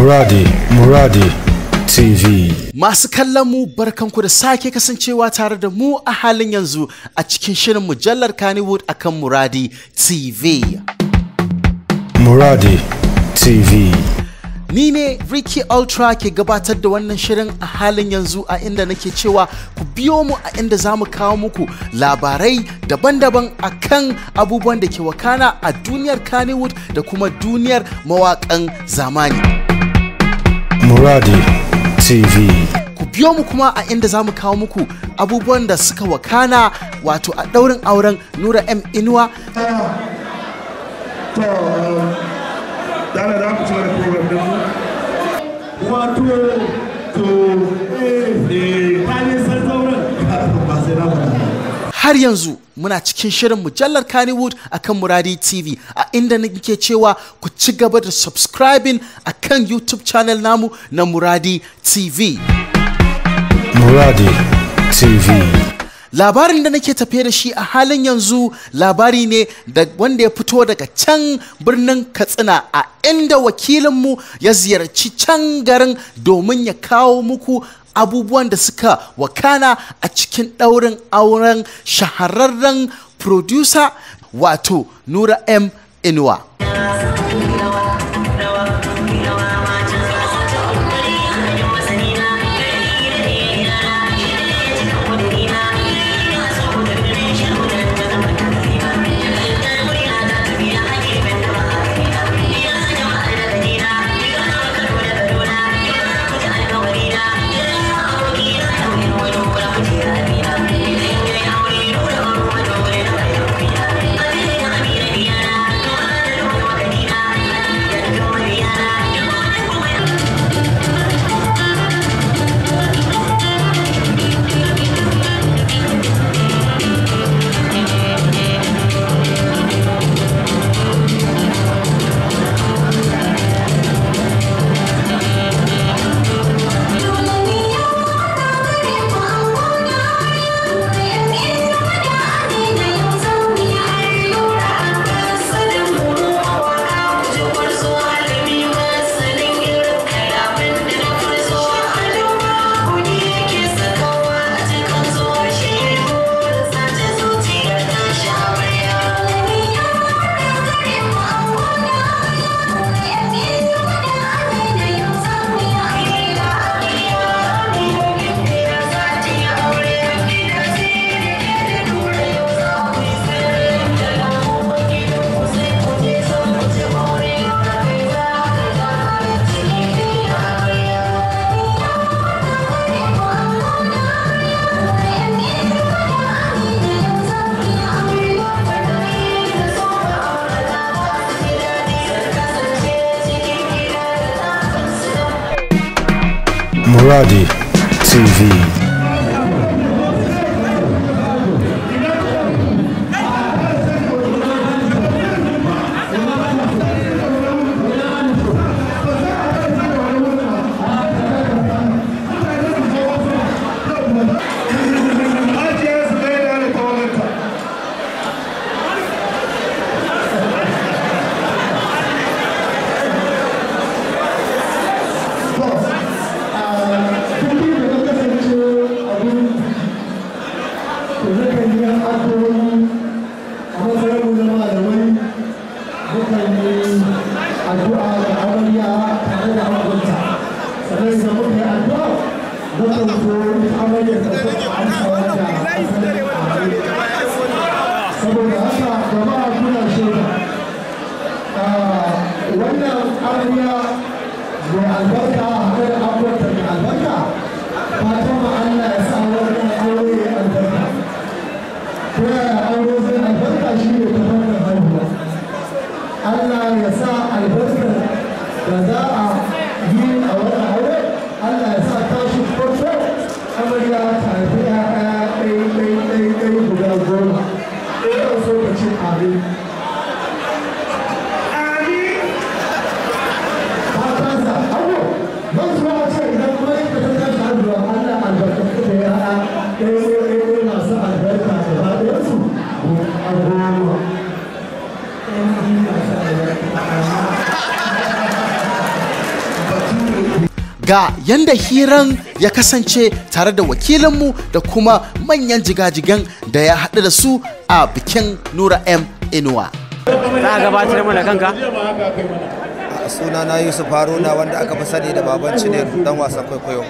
Muradi Muradi TV. Masu kallon mu barkanku da sake kasancewa tare da mu a halin yanzu a cikin shirin mujallar Kannywood akan Muradi TV. Muradi TV. Ni ne Ricky Ultra ke gabatar da wannan shirin a halin yanzu a inda nake cewa ku biyo mu a inda za mu kawo muku labarai daban-daban a kan abubuwan da ke wakana a duniyar Kannywood da kuma duniyar mawaƙan zamani. Muradi TV. Ku biyo mu kuma a inda za mu kawo muku abubuwan da suka wakana wato a ɗaurin auren Nura M Inuwa. har yanzu muna cikin shirin mujallar Kannywood akan Muradi TV a inda nake cewa ku ci gaba da subscribing kan YouTube channel namu na Muradi TV. Muradi TV. labarin da nake tafe da shi a halin yanzu labari ne da wanda ya fito daga can birnin katsina a inda wakilinmu ya ziyarci can garin domin ya kawo muku abubuwan da suka wakana a cikin ɗaurin auren shahararren producer wato nura m inuwa Muradi TV. ga yanda hiran ya kasance tare da wakilinmu da kuma manyan jigajigan da ya haɗu da su a bikin Nura M Inuwa. Za a gabatar mana kanka? suna na Yusuf Haruna wanda aka fi sani da baban Cine dan wasan kwaikwayo.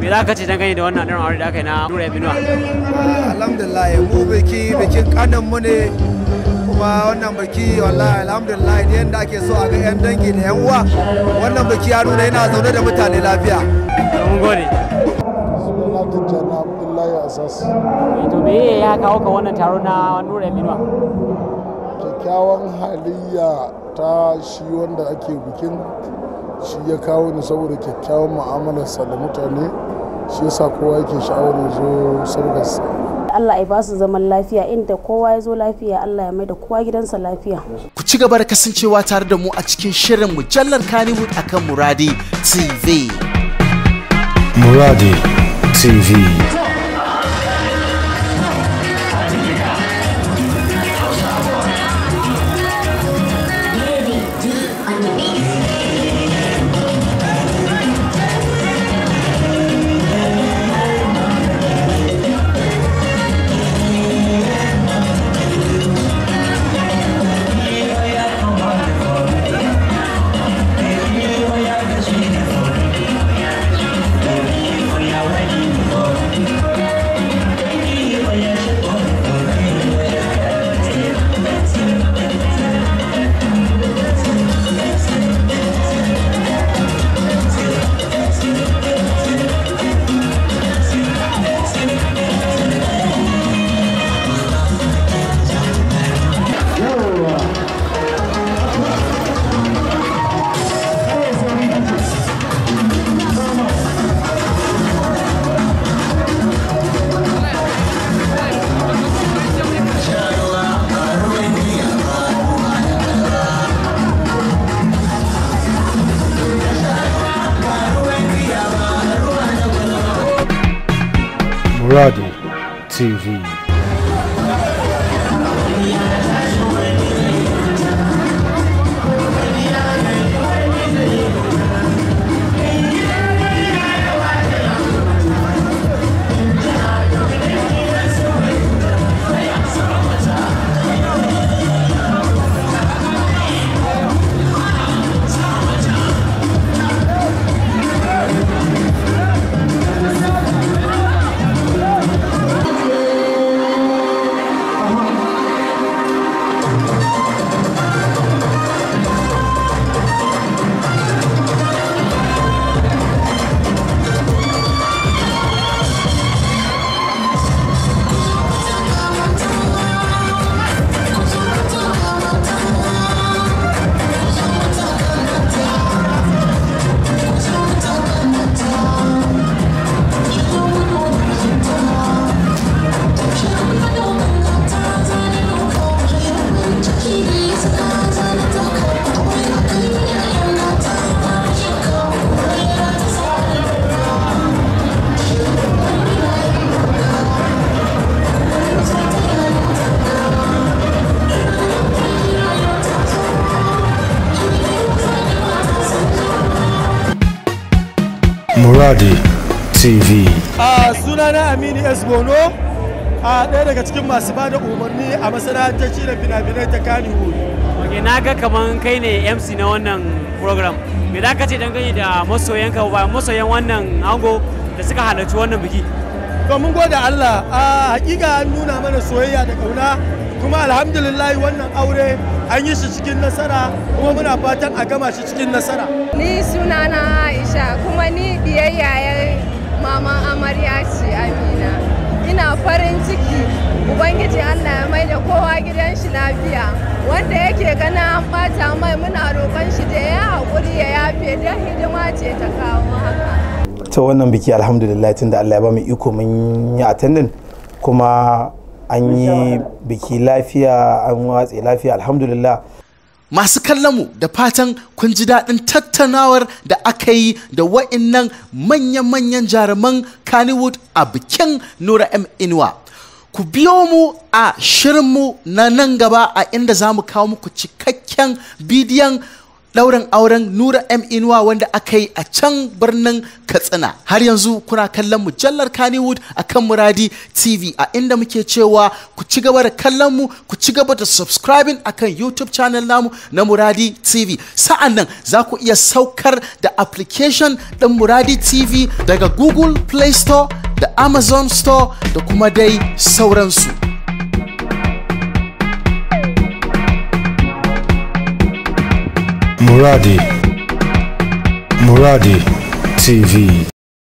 Me za ka ce dangane da wannan ɗan aure da aka yi na Nura M Inuwa? Alhamdulillah mu biki bikin kanan mu ne kuma wannan biki wallahi alhamdulillah da yadda ake so a ga 'yan dangi da 'yan uwa wannan biki ya nuna yana zaune da mutane lafiya mun gode to me ya kawo ka wannan taro na nura minwa kyakkyawan halayya ta shi wanda ake bikin shi ya kawo ni saboda kyakkyawan mu'amalarsa da mutane shi yasa kowa yake sha'awar zo sargarsa Allah ya ba su zaman lafiya inda kowa ya zo lafiya Allah ya mai da kowa gidansa lafiya. Ku ci gaba da kasancewa tare da mu a cikin shirin mujallar a kan Muradi TV. Muradi TV. Brother TV. Radi TV. A sunana Aminu S. Bono, a ɗaya daga cikin masu ba da umarni a masana'antar da fina-finai ta Kannywood. Ok, na ga kaman kai ne MC na wannan program. Me za ka ce gani da masoyan ka ba masoyan wannan ango da suka halarci wannan biki? To mun gode Allah, a hakika an nuna mana soyayya da kauna kuma alhamdulillah wannan aure an yi shi cikin nasara kuma muna fatan a gama shi cikin nasara ni suna na aisha kuma ni biyayya ya maman amarya ce amina ina farin ciki ubangiji allah ya mai da kowa gidan shi lafiya wanda yake gana an bata mai muna roƙon shi da ya haƙuri ya yafe da hidima ce ta kawo haka ta wannan biki alhamdulillah tunda da allah ya ba mu iko mun yi attending kuma an yi biki lafiya an watse lafiya alhamdulillah masu mu da fatan kun ji daɗin tattaunawar da aka yi da wa'innan manyan manyan jaruman kannywood a bikin nura m inuwa ku biyo mu a shirinmu na nan gaba a inda za mu kawo muku cikakken bidiyon ɗaurin auren Nura M Inuwa wanda aka yi a can birnin Katsina. Har yanzu kuna kallon mujallar Kannywood a kan Muradi TV a inda muke cewa ku ci gaba da kallon mu ku ci gaba da subscribing a kan YouTube channel namu na Muradi TV. sa'annan nan za ku iya saukar da application ɗin Muradi TV daga Google Play Store da Amazon Store da kuma dai sauransu. Muradi Muradi TV